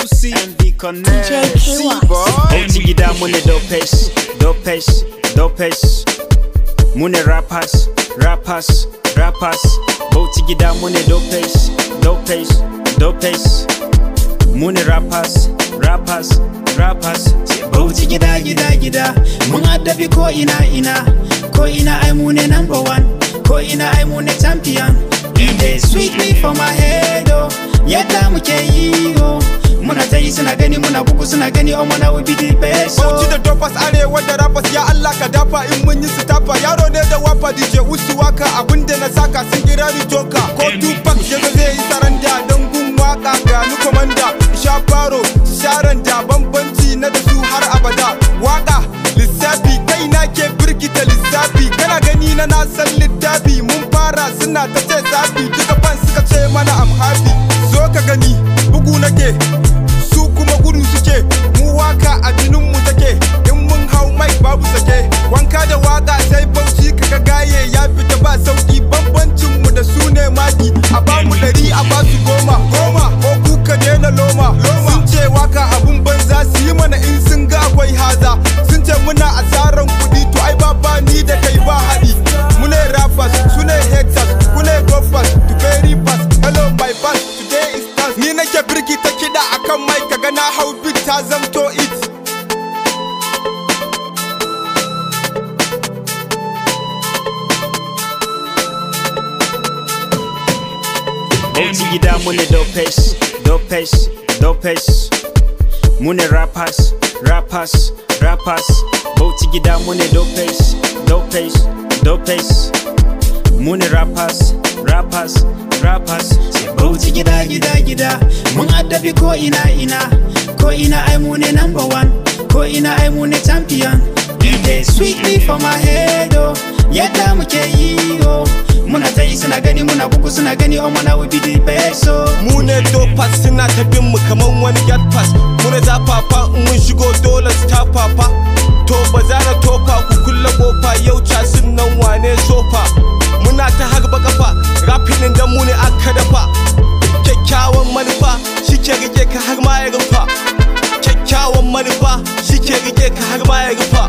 Lucy and the Connect. Ochigida mune dopes, dopes, dopes. Mune rappers, rappers, rappers. Ochigida mune dopes, dopes, dopes. Mune rappers, rappers, rappers. Bauti gida gida gida, mun addabi ko ina ina, ko ina ai mune number one, ko ina ai mune champion. They sweep me for my head, oh, yadda muke yi yi suna gani muna bugu suna gani o mana we be the best so Bauchi da Dopas arewa da rapas ya Allah ka dafa in mun yi su tafa yaro ne da wafa DJ Usu waka abinda na saka sun kira ni joker ko Tupac ya ga zai yi saranda don gun waka ga ni komanda sha faro sharan da bambanci na da su har abada waka lissafi kai na ke birkita lissafi kana gani na nasan littafi mun fara suna ta ce zafi duka fan suka ce mana am happy in sun ga akwai haza sun ce muna asarar kuɗi to ai ni da kai ba haɗi mu ne rappers su ne haters ku ne gophers to very fast hello my today is ni nake birki ta kiɗa akan mai ka gana hau bit ta zamto it Oti gida mu ne dopes, dopes, dopes, mune rappers rappers rappers boutigida mune dopes dopes dopes mune rappers rappers rappers sai bauti gida gida gida mun addabi ko ina ina ko ina ai mune number one ko ina ai mune champion Give dey sweetly for my head oh yadda muke yi oh muna ta yi suna gani muna kuku suna gani on oh, mana we di peso so mu ne dopas suna ta bin mu kaman wani yard pass mu ne zafafa in mun shigo dole su papa to ba za na tofa ku kulle kofa yau casin nan wane sofa muna ta harba kafa rafinin da mu ne aka dafa kyakkyawan manufa shi ke rike ka har ma ya rufa kyakkyawan manufa shi ke rike ka har ma ya rufa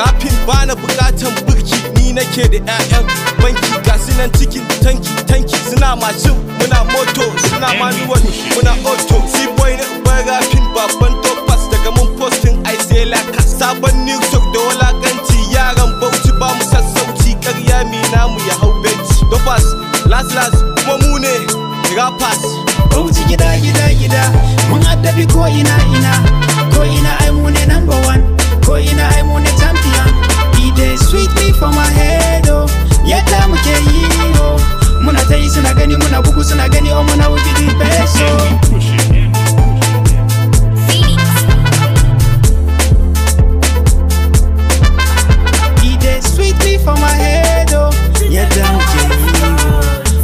rafin bana bukatan birki ni nake da ƴaƴan banki ga nan cikin tanki tanki suna mashin muna moto suna manuwal muna auto boy na uban rafin babban topas daga mun postin aize laka sabon new talk da walakanci yaran bauchi ba mu sassauci karya mi namu ya hau benci dopas las las kuma mu ne pass bauchi gida gida gida mun addabi ko ina ina ko ina ai mu ne number one ko ina ai mu ne champion e sweet me for my pushing again you almost know what you do so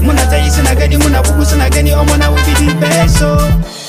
Muna tayisi na gani muna bugusi na gani omona ubidi peso